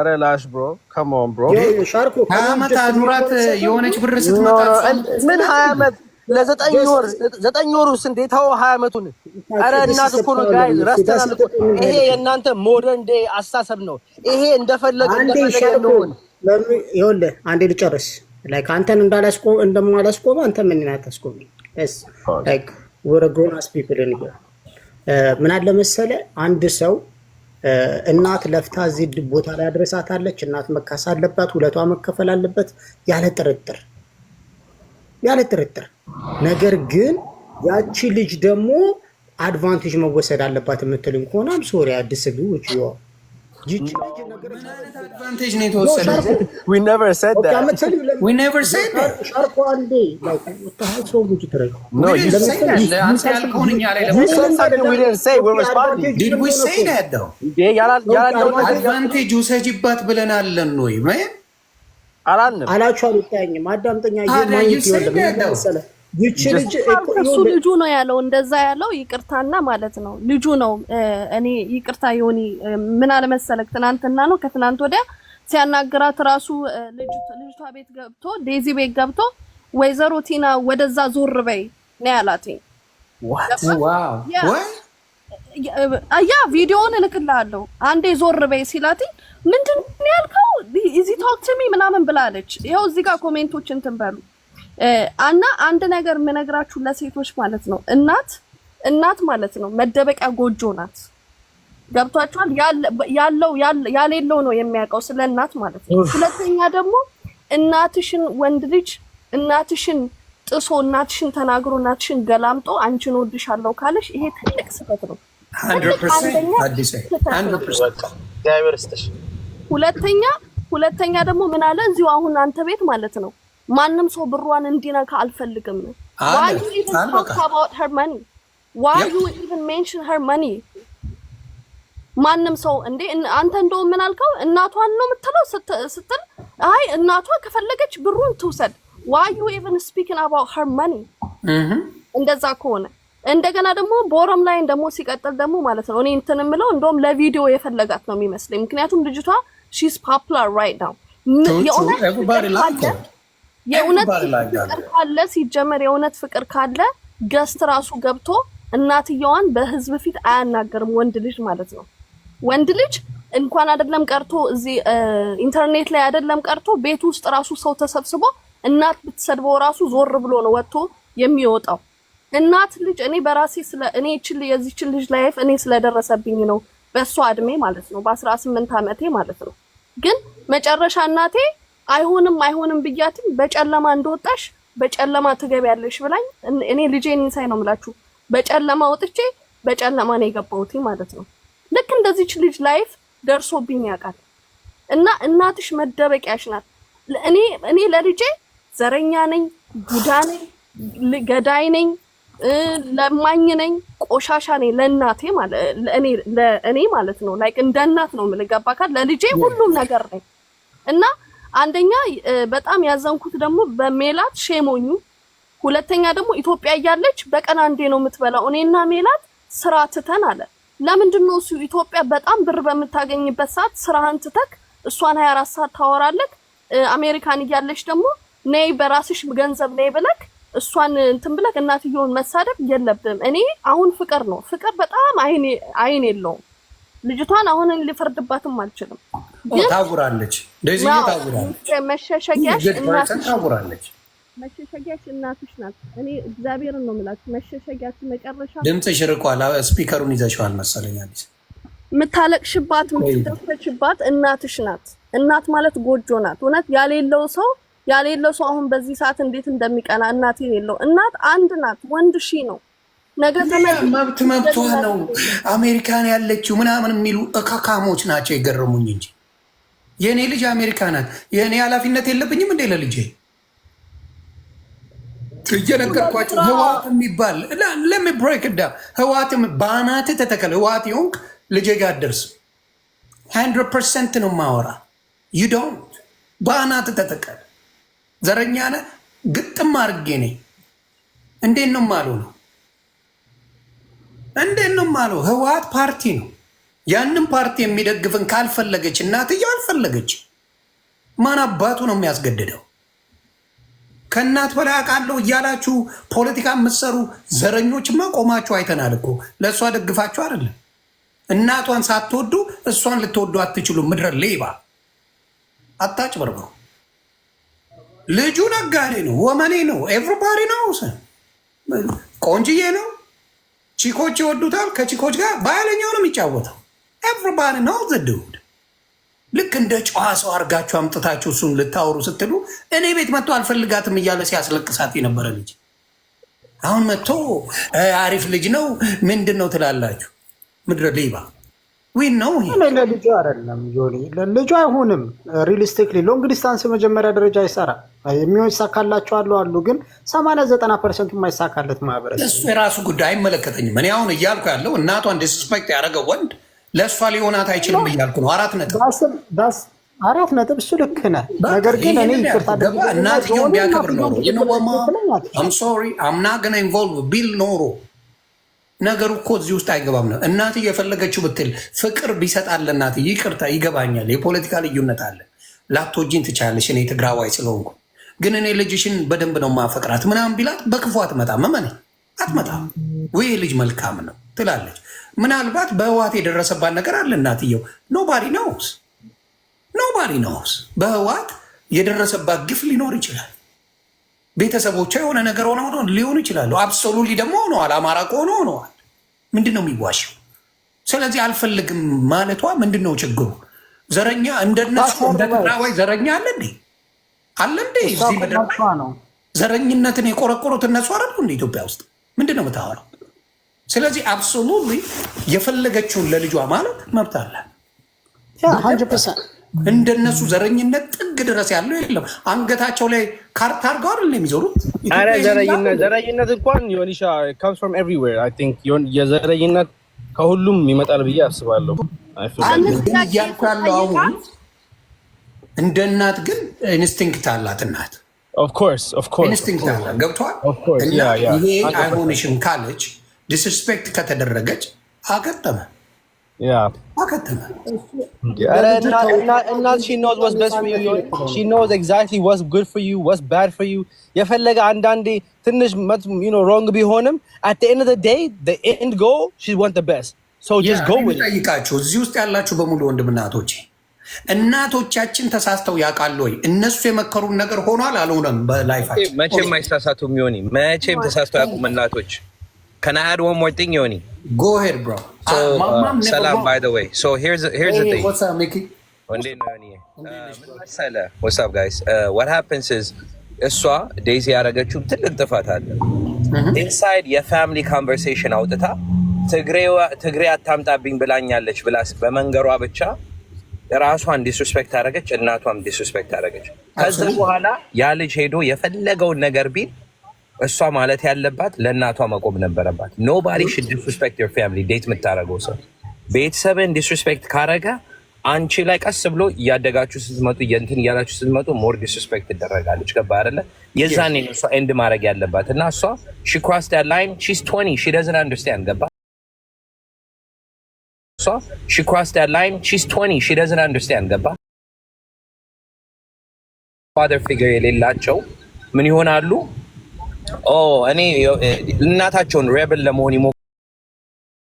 አረ ላሽ ብሮ ካም ብሮ ብሮ ከዓመት አኑራት የሆነች ብር ስትመጣ ምን ሀያ ዓመት ለዘጠኝ ወር ዘጠኝ ወር ውስጥ እንዴት ታው ሀያ ዓመቱን አረ እናት እኮ ነው ጋይ ረስተናል እኮ ይሄ የእናንተ ሞደርን ዴ አሳሰብ ነው ይሄ እንደፈለገ እንደፈለገ ነው ይኸውልህ አንዴ ልጨርስ ላይክ አንተን እንዳላስቆ እንደማላስቆ አንተ ምን እናታስቆም እስ ላይክ ወረ ግሮን አስ ፒፕል ምን አለ መሰለ አንድ ሰው እናት ለፍታ እዚህ ቦታ ላይ አድርሳታለች። እናት መካሳ አለባት፣ ሁለቷ መከፈል አለበት ያለ ጥርጥር ያለ ጥርጥር። ነገር ግን ያቺ ልጅ ደግሞ አድቫንቴጅ መወሰድ አለባት የምትልም ከሆነ ሶሪ አዲስ አድቫንቴጅ ውሰጅባት ብለን አለን ወይ አላችሁ አልታየኝም። አዳምጠኛ እሱ ልጁ ነው ያለው፣ እንደዛ ያለው ይቅርታና ማለት ነው ልጁ ነው። እኔ ይቅርታ የሆኒ ምን አለመሰለክ ትናንትና ነው ከትናንት ወዲያ ሲያናግራት ራሱ ልጅቷ ቤት ገብቶ ዴዚ ቤት ገብቶ ወይዘሮ ቲና ወደዛ ዞር በይ ነው ያላት። ያ ቪዲዮውን እልክልሃለሁ አንዴ ዞር በይ ሲላት ምንድን ያልከው ኢዚ ቶክ ቱ ሚ ምናምን ብላለች። ይኸው እዚህ ጋር ኮሜንቶች እንትን በሉ እና አንድ ነገር የምነግራችሁ ለሴቶች ማለት ነው፣ እናት እናት ማለት ነው መደበቂያ ጎጆ ናት። ገብቷችኋል? ያለው ያሌለው ነው የሚያውቀው ስለ እናት ማለት ነው። ሁለተኛ ደግሞ እናትሽን ወንድ ልጅ እናትሽን ጥሶ እናትሽን ተናግሮ እናትሽን ገላምጦ አንቺን ወድሻለሁ ካለሽ ይሄ ትልቅ ስህተት ነው። ሁለተኛ ሁለተኛ ደግሞ ምን አለ እዚሁ አሁን አንተ ቤት ማለት ነው ማንም ሰው ብሯን እንዲነካ አልፈልግም። ማንም ሰው እንዴ አንተ እንደው ምን አልከው? እናቷን ነው የምትለው ስትል አይ እናቷ ከፈለገች ብሩን ትውሰድ። why you even speaking እንደዛ ከሆነ እንደገና ደግሞ ቦረም ላይ ደግሞ ሲቀጥል ደግሞ ማለት ነው እኔ እንትን የምለው እንደውም ለቪዲዮ የፈለጋት ነው የሚመስለኝ። ምክንያቱም ልጅቷ ራይት popular right now የእውነት ፍቅር ካለ ሲጀመር የእውነት ፍቅር ካለ ገስት ራሱ ገብቶ እናትየዋን በህዝብ ፊት አያናገርም። ወንድ ልጅ ማለት ነው። ወንድ ልጅ እንኳን አይደለም ቀርቶ እዚህ ኢንተርኔት ላይ አይደለም ቀርቶ ቤት ውስጥ ራሱ ሰው ተሰብስቦ እናት ብትሰድበው ራሱ ዞር ብሎ ነው ወጥቶ የሚወጣው። እናት ልጅ እኔ በራሴ ስለ እኔ የዚችን ልጅ ላይፍ እኔ ስለደረሰብኝ ነው። በእሷ እድሜ ማለት ነው በአስራ ስምንት ዓመቴ ማለት ነው። ግን መጨረሻ እናቴ አይሆንም አይሆንም ብያትም በጨለማ እንደወጣሽ በጨለማ ትገቢያለሽ ብላኝ እኔ ልጄን ሳይ ነው የምላችሁ በጨለማ ወጥቼ በጨለማ ነው የገባሁት ማለት ነው። ልክ እንደዚች ልጅ ላይፍ ደርሶብኝ ያውቃል። እና እናትሽ መደበቂያሽ ናት። እኔ እኔ ለልጄ ዘረኛ ነኝ፣ ቡዳ ነኝ፣ ገዳይ ነኝ፣ ለማኝ ነኝ፣ ቆሻሻ ነኝ ለእናቴ ማለት ለእኔ ማለት ነው ላይክ እንደ እናት ነው የምልህ ካል ለልጄ ሁሉም ነገር ነኝ እና አንደኛ በጣም ያዘንኩት ደግሞ በሜላት ሼሞኙ፣ ሁለተኛ ደግሞ ኢትዮጵያ እያለች በቀን አንዴ ነው የምትበላው። እኔና ሜላት ስራ ትተን አለ ለምንድን ነው እሱ ኢትዮጵያ በጣም ብር በምታገኝበት ሰዓት ስራህን ትተክ እሷን 24 ሰዓት ታወራለክ። አሜሪካን እያለች ደግሞ ነይ በራስሽ ገንዘብ ነይ ብለክ እሷን እንትን ብለክ እናትየውን መሳደብ የለብም። እኔ አሁን ፍቅር ነው ፍቅር በጣም አይን የለውም ልጅቷን አሁን ሊፈርድባትም አልችልም። ታጉራለች። እንደዚህ ታጉራለች። መሸሸጊያሽ ታጉራለች። መሸሸጊያሽ እናትሽ ናት። እኔ እግዚአብሔርን ነው የምላችሁ። መሸሸጊያሽ መጨረሻ ድምፅሽ ርቋል። ስፒከሩን ይዘሽዋል መሰለኝ። አዲስ የምታለቅሽባት የምትደፈችባት እናትሽ ናት። እናት ማለት ጎጆ ናት። እውነት ያሌለው ሰው ያሌለው ሰው አሁን በዚህ ሰዓት እንዴት እንደሚቀና እናት የሌለው እናት አንድ ናት። ወንድ ሺ ነው ነገ መብት መብቷ ነው። አሜሪካን ያለችው ምናምን የሚሉ እካካሞች ናቸው የገረሙኝ እንጂ የእኔ ልጅ አሜሪካ ናት። የእኔ ኃላፊነት የለብኝም እንዴ ለልጄ እየነገርኳቸው ህዋት የሚባል ለሚ ብሬክ ዳ ህዋት በአናት ተተከለ ህዋት ይሁንክ ልጄ ጋር አትደርስም። ሀንድረድ ፐርሰንት ነው ማወራ ዩ ዶንት በአናት ተተከለ ዘረኛ ነ ግጥም አድርጌ ነኝ። እንዴት ነው ማሉ ነው እንዴት ነው ማሉ ህዋት ፓርቲ ነው ያንን ፓርቲ የሚደግፍን ካልፈለገች እናትየው አልፈለገች። ማን አባቱ ነው የሚያስገድደው? ከእናት በላይ አውቃለሁ እያላችሁ ፖለቲካ የምትሰሩ ዘረኞችማ ቆማችሁ አይተናል እኮ። ለእሷ ደግፋችሁ አይደለም። እናቷን ሳትወዱ እሷን ልትወዱ አትችሉ። ምድረ ሌባ አታጭበርብሩ። ልጁ ነጋዴ ነው፣ ወመኔ ነው፣ ኤቭሪባዲ ነው፣ ቆንጅዬ ነው። ቺኮች ይወዱታል። ከቺኮች ጋር በኃይለኛው ነው የሚጫወተው። ኤቭሪባዲ ነው ዘድሁድ ልክ እንደ ጨዋ ሰው አድርጋችሁ አምጥታችሁ እሱን ልታወሩ ስትሉ እኔ ቤት መጥቶ አልፈልጋትም እያለ ሲያስለቅሳት የነበረ ልጅ አሁን መጥቶ አሪፍ ልጅ ነው ምንድን ነው ትላላችሁ? ምድረ ሌባ ዊን ነው ለልጁ አይደለም። ልጁ አይሆንም። ሪሊስቲክሊ ሎንግ ዲስታንስ የመጀመሪያ ደረጃ አይሰራ የሚሆን ይሳካላቸው አሉ አሉ፣ ግን ሰማንያ ዘጠና ፐርሰንቱ የማይሳካለት ማህበረሰብ እሱ የራሱ ጉዳይ አይመለከተኝም። እኔ አሁን እያልኩ ያለው እናቷን ዲስስፔክት ያደረገ ወንድ ለእሷ ሊሆናት አይችልም እያልኩ ነው። አራት ነጥብ አራት ነጥብ። እሱ ልክ ነህ። ነገር ግን እኔ ይቅርታ እናትየው ቢያከብር ኖሮ ይንወማ አምሶሪ አምና ገና ኢንቮልቭ ቢል ኖሮ ነገሩ እኮ እዚህ ውስጥ አይገባም ነው። እናት የፈለገችው ብትል ፍቅር ቢሰጣል እናት ይቅርታ ይገባኛል። የፖለቲካ ልዩነት አለ። ላቶጂን ትቻለሽ። እኔ ትግራዋይ ስለሆንኩ ግን እኔ ልጅሽን በደንብ ነው ማፈቅራት ምናምን ቢላት በክፉ አትመጣም። መመነኝ አትመጣም ወይ ልጅ መልካም ነው ትላለች። ምናልባት በህዋት የደረሰባት ነገር አለ። እናትየው ኖባዲ ነውስ ኖባሪ ነውስ በህዋት የደረሰባት ግፍ ሊኖር ይችላል። ቤተሰቦቿ የሆነ ነገር ሆነ ሆኖ ሊሆኑ ይችላሉ። አብሶሉሊ ደግሞ ሆነዋል። አማራ ከሆነ ሆነዋል። ምንድን ነው የሚዋሸው? ስለዚህ አልፈልግም ማለቷ ምንድን ነው ችግሩ? ዘረኛ እንደነሱ ዘረኛ አለ እንዴ? አለ እንዴ? ዘረኝነትን የቆረቆሩት እነሱ አረሉ እንደ ኢትዮጵያ ውስጥ ምንድን ነው የምታወራው? ስለዚህ አብሶሉትሊ የፈለገችውን ለልጇ ማለት መብት አለ። እንደነሱ ዘረኝነት ጥግ ድረስ ያለው የለም። አንገታቸው ላይ ካርታ አርገው አይደል የሚዞሩት። ዘረኝነት እንኳን ዮኒሻ ፍሮም ኤቭሪዌር አይ ቲንክ የዘረኝነት ከሁሉም ይመጣል ብዬ አስባለሁ። እያልኩ ያለው አሁን እንደ እናት ግን ኢንስቲንክት አላት እናት Of courz, of course ኢንስቲንክት አለ ገብቷል። እና ይሄ አይሆንሽም ካለች ዲስሪስፔክት ከተደረገች አገጠመ አገጠመ። የፈለገ አንዳንዴ ትንሽ ሮንግ ቢሆንም አት ኤንድ ኦፍ ዘ ዴይ ኤንድ ጎል ሺ ዋንት ዘ ቤስት። ጠይቃችሁ እዚህ ውስጥ ያላችሁ በሙሉ ወንድምናቶቼ እናቶቻችን ተሳስተው ያውቃሉ ወይ? እነሱ የመከሩን ነገር ሆኗል አልሆነም? በላይፋቸው መቼም አይሳሳቱም። ዮኒ መቼም ተሳስተው ያውቁም እናቶች ከናያድ I add one more thing, ሰላም ah, uh, by the way. So here's here's the thing. What's up, Mickey? Uh, what's uh, እሷ ዴዚ ያደረገችው ትልቅ ጥፋት አለ። ኢንሳይድ የፋሚሊ ኮንቨርሴሽን አውጥታ ትግሬ አታምጣብኝ ብላኛለች ብላ በመንገሯ ብቻ ራሷን ዲስሪስፔክት አደረገች፣ እናቷም ዲስሪስፔክት አደረገች። ከዚህ በኋላ ያ ልጅ ሄዶ የፈለገውን ነገር ቢል እሷ ማለት ያለባት ለእናቷ መቆም ነበረባት። ኖባዲ ሽድ ዲስሪስፔክት ዮር ፋሚሊ ዴት የምታደረገው ሰው ቤተሰብን ዲስሪስፔክት ካረገ አንቺ ላይ ቀስ ብሎ እያደጋችሁ ስትመጡ እንትን እያላችሁ ስትመጡ ሞር ዲስሪስፔክት ትደረጋለች። ገባ አይደለ? የዛኔ እሷ ኤንድ ማድረግ ያለባት እና እሷ ሺ ክሮስድ ላይን ሺስ ቶኒ ሺ ደዝን አንደርስታንድ ገባ እሷ ሺ ክሮስ ዳት ላይን ሺስ ቶኒ ሺ ደዝን አንደርስታንድ ገባ ፋደር ፊገር የሌላቸው ምን ይሆናሉ? ኦ oh, እኔ እናታቸውን ሬብል ለመሆን